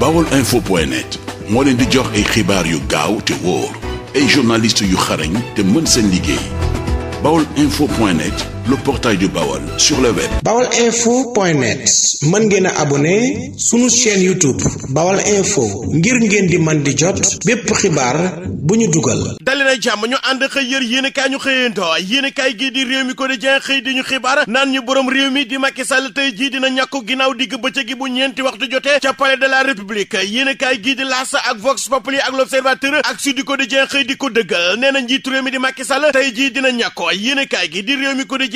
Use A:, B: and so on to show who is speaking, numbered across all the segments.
A: bawol info point net moo leen di jox ay xibaar yu gaaw te wóor ay journaliste yu xarañ te mën seen liggéey bawol info point net le portail du Baol sur mën ngeen a abonné sunu chaîne YouTube Baol ngir ngeen di man di jot bépp xibaar bu ñu dugal. dalee jàmm ñu ànd xëy yër yéenekaay ñu xëyantoo yéenekaay gii di réew mi quotidien xëy di ñu xibaar naan ñu borom réew mi di Macky Sall tey jii dina ñàkku ginnaaw digg bëccëg gi bu ñeenti waxtu jotee ca palais de la République yéenekaay gii di L'As ak Vox Populi ak L'Observateur ak Sud Quotidien xëy di ko dëggal nee njiitu réew mi di Macky Sall tey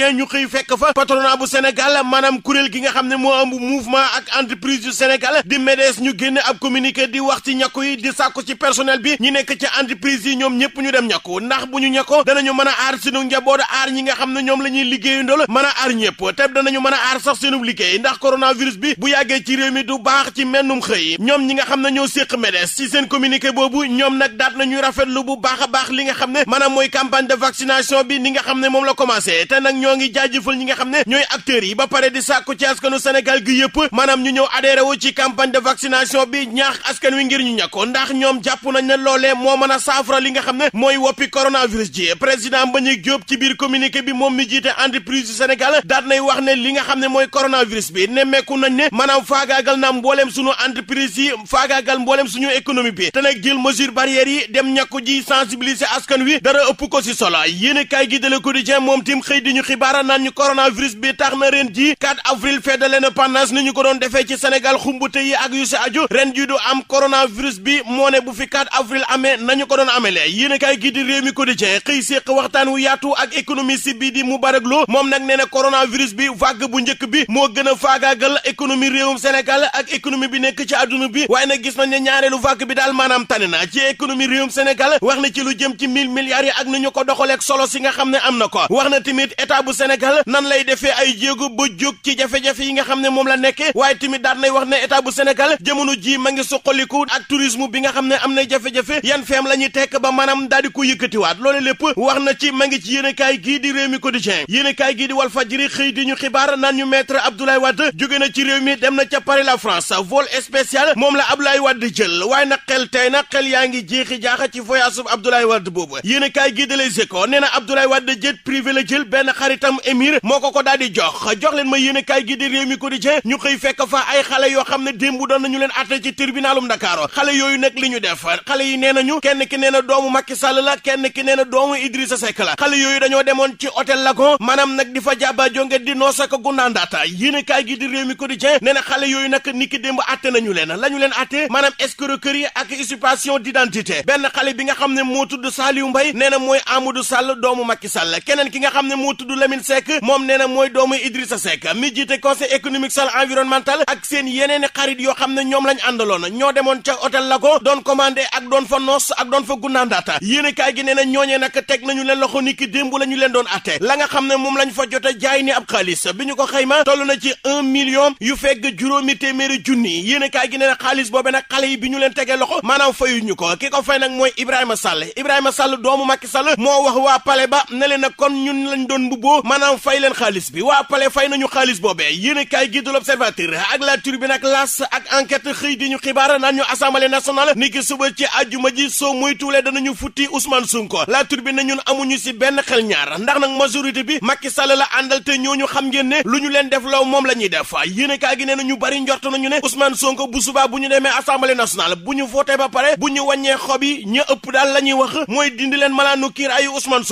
A: quotidien ñu xëy fekk fa patronat bu Sénégal maanaam kuréel gi nga xam ne moo ëmb mouvement ak entreprise yu Sénégal di MEDES ñu génne ab communiqué di wax ci ñàkku yi di sàkku ci personnel bi ñi nekk ci entreprise yi ñoom ñëpp ñu dem ñàkku ndax bu ñu ñàkkoo danañu mën a aar sunu njaboot aar ñi nga xam ne ñoom la ñuy liggéeyandoo mën a aar ñëpp te danañu mën a aar sax seenu liggéey ndax coronavirus bi bu yàggee ci réew mi du baax ci mennum xëy ñoom ñi nga xam ne ñoo séq MEDES ci seen communiqué boobu ñoom nag daat nañuy rafetlu bu baax a baax li nga ne maanaam mooy campagne de vaccination bi ni xam ne moom la commencé nag ñoo ngi jaajëfal ñi nga xam ne ñooy acteurs yi ba pare di sàkku ci askanu Sénégal gi yëpp maanaam ñu ñëw adhéré wu ci campagne de vaccination bi ñaax askan wi ngir ñu ñàkko ndax ñoom jàpp nañ ne loolee moo mën a saafara li nga xam ne mooy woppi coronavirus ji président Mbagnick Diop ci biir communiqué bi moom mi jiite entreprise du Sénégal daat nay wax ne li nga xam ne mooy coronavirus bi nemmeeku nañ ne maanaam faagaagal na mbooleem suñu entreprise yi faagaagal mbooleem suñu économie bi te jël mesure barrière yi dem ñàkku ji sensibiliser askan wi dara ëpp ko si solo yéen gi de Le Quotidien moom tim xëy di ñu xibaara naan ñu coronavirus bi tax na ren ji 4 avril fête de l'indépendance ñu ko doon defee ci Sénégal xumbute yi ak yu si aju ren ji du am coronavirus bi moo ne bu fi 4 avril amee nañu ko doon amele kaay gii di réew yaatu ak économiste bi moom nag nee na coronavirus bi bu njëkk bi moo gën a faagaagal économie réewum ak économie bi nekk ci àdduna bi waaye nag gis nañ ne ñaareelu vague bi daal maanaam tane na ci économie réewum Sénégal wax na ci lu jëm ci mille milliards yi ak ni ñu ko doxaleeg solo si nga xam ne am na ko wax na tamit état état bu Sénégal nan lay defee ay jéego ba jóg ci jafe-jafe yi nga xam ne moom la nekke waaye tamit daan nay wax ne état bu Sénégal jamono ji ma ngi soqaliku ak tourisme bi nga xam ne am na jafe-jafe yan feem la ñuy tekk ba maanaam daal di waat yëkkatiwaat loole lépp wax na ci ma ngi ci yéen a kaay gii di réew mi quotidien yéen a kaay gii di Walfadjri xëy di ñu xibaar naan ñu maître Abdoulaye Wade jóge na ci réew mi dem na ca Paris la France vol spécial moom la Abdoulaye Wade jël waaye na xel tey na xel yaa ngi jeexi jaaxa ci voyage Abdoulaye Wade boobu yéen a kaay gii di Les Échos nee na Abdoulaye Wade jet jël benn xarit xaritam émir moo ko ko daal di jox jox leen ma yéene kaay gi di réew mi quotidien ñu xëy fekk fa ay xale yoo xam ne démb doon nañu leen atte ci tribunalum Dakar xale yooyu nag li ñu def xale yi nee nañu kenn ki nee na doomu Macky Sall la kenn ki nee na doomu Idrissa Seck la xale yooyu dañoo demoon ci hôtel Lagon maanaam nag di fa jàbba jonge di noosaka gundaandaata yéene kaay gi di réew mi quotidien nee na xale yooyu nag niki démb atte nañu leen la leen atte maanaam escroquerie ak usurpation xale bi nga xam ne moo tudd Saliou Mbaye nee na mooy Amadou Sall doomu Macky Sall keneen ki nga xam ne moo tudd Lamine Seck moom nee na mooy doomu Idrissa Seck mi jiite conseil économique social environnemental ak seen yeneen i xarit yoo xam ne ñoom lañ àndaloon ñoo demoon ca hôtel la ko doon commandé ak doon fa noos ak doon fa gundaandaata yéen kaay gi nee na ñooñee nag teg nañu le loxo niki démb la ñu leen doon atte la nga xam ne moom lañ fa jote jaay ni ab xaalis bi ñu ko xayma toll na ci un million yu fegg juróomi téeméeri junni yéen kaay gi nee na xaalis boobe nag xale yi bi ñu leen tegee loxo maanaam fayuñu ko ki ko fay nag mooy Ibrahima doomu Macky Sall moo wax waa pale ba ne leen nag kon ñun lañ doon mbubboo ko maanaam fay leen xaalis bi waa pale fay nañu xaalis boobee yéen kaay gi du l'observateur ak la tribune ak las ak enquête xëy di ñu xibaar naan ñu assemblée nationale ni ki suba ci àjjuma ji soo muy tuulee danañu futti Ousmane Sonko la tribune ñun amuñu si benn xel ñaar ndax nag majorité bi Macky Sall la àndal te ñooñu xam ngeen ne lu ñu leen def law moom la ñuy def yéen kaay gi nee na ñu bari njort nañu ne Ousmane Sonko bu subaa bu ñu demee assemblée nationale bu ba pare bu ñu wàññee xob yi ña ëpp daal la ñuy wax mooy dindi leen malaanu kiir ayu Ousmane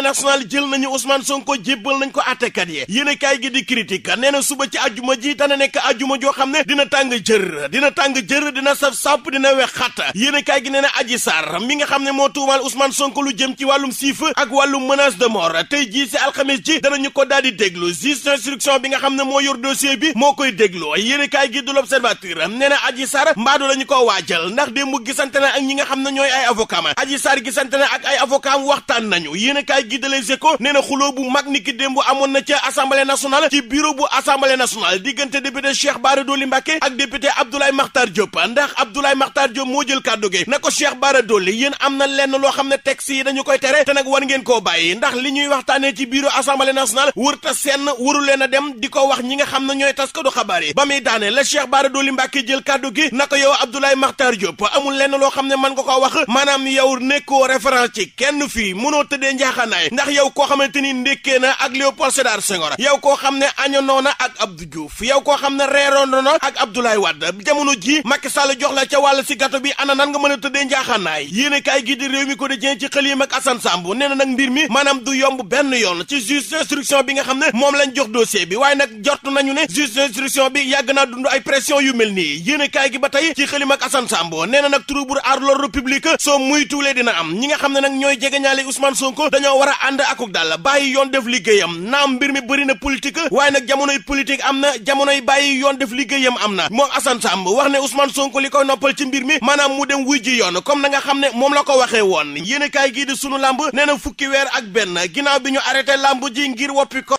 A: assemblée nationale jël nañu son Sonko jébbal nañ ko àttekat yi yéenekaay gi di critique nee na suba ci ajuma ji dana nekk ajuma joo xam ne dina tàng jër dina tàng jër dina saf sàpp dina wex xat yéenekaay gi nee na Adji Sarr mi nga xam ne moo tuumaal Ousmane Sonko lu jëm ci wàllum siif ak wàllum menace de mor tey jii si alxames ji danañu ko daal di déglu juge d'instruction bi nga xam ne moo yor dossier bi moo koy déglu yéenekaay gi du l'Observateur nee na Adji Sarr mbaadu lañu ko waajal ndax démb gisante na ak ñi nga xam ne ñooy ay avocat ma Adji Sarr gisante na ak ay avocat waxtaan nañu yéenekaay gi de Les Échos nee na xuloo bu mag ni ki démb amoon na ca assemblée nationale ci bureau bu assemblée nationale diggante député Cheikh Bara Dolly Mbacké ak député Abdoulaye Makhtar Diop ndax Abdoulaye Makhtar Diop moo jël kàddu gi na ko Cheikh Bara Dolly am na lenn loo xam ne texte yi dañu koy tere te nag war ngeen koo bàyyi ndax li ñuy waxtaanee ci bureau assemblée nationale wër ta senn waru leen a dem di ko wax ñi nga xam ne ñooy tas ko du xabaar yi ba muy daane la Cheikh Bara Dolly Mbacké jël kàddu gi na ko yow Abdoulaye Makhtar Diop lenn loo xam ne mën nga ko maanaam yow nekkoo référence ci kenn fii mënoo tëddee njaaxaanaay Dieng ndax yow koo xamante ni ndékkee na ak Léopold Sédar Senghor yow koo xam ne añanoo na ak Abdou Diouf yow koo xam ne reeroon na ak Abdoulaye Wade jamono ji Macky Sall jox la ca wàll si gato bi ana nan nga mën a tëddee njaaxaanaay yéene kaay gi di réew mi ko de Dieng ci xëlim ak Assane Samb nee na nag mbir mi maanaam du yomb benn yoon ci juge d'instruction bi nga xam ne moom lañ jox dossier bi waaye nag jort nañu ne juge d'instruction bi yàgg naa dund ay pression yu mel nii yéene kaay gi ba tey ci xëlim ak Assane Samb nee na nag trouble à l'ordre public am ñi nga xam ne nag ñooy jegeñaale Ousmane Sonko dañoo war a ànd akuk dal bàyyi yoon def liggéeyam naam mbir mi bëri na politique waaye nag jamonoy politique am na jamonoy bàyyi yoon def liggéeyam am na moom Assane Samb wax ne Ousmane Sonko li koy noppal ci mbir mi maanaam mu dem wuy ji yoon comme na nga xam ne moom la ko waxee woon yéen a kaay gii di sunu lamb nee na fukki weer ak benn ginaaw bi ñu arrêté lamb ji ngir woppi ko.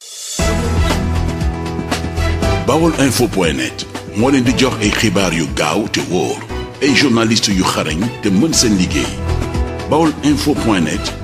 A: bawol moo leen di jox ay xibaar yu gaaw te wóor yu xarañ te mën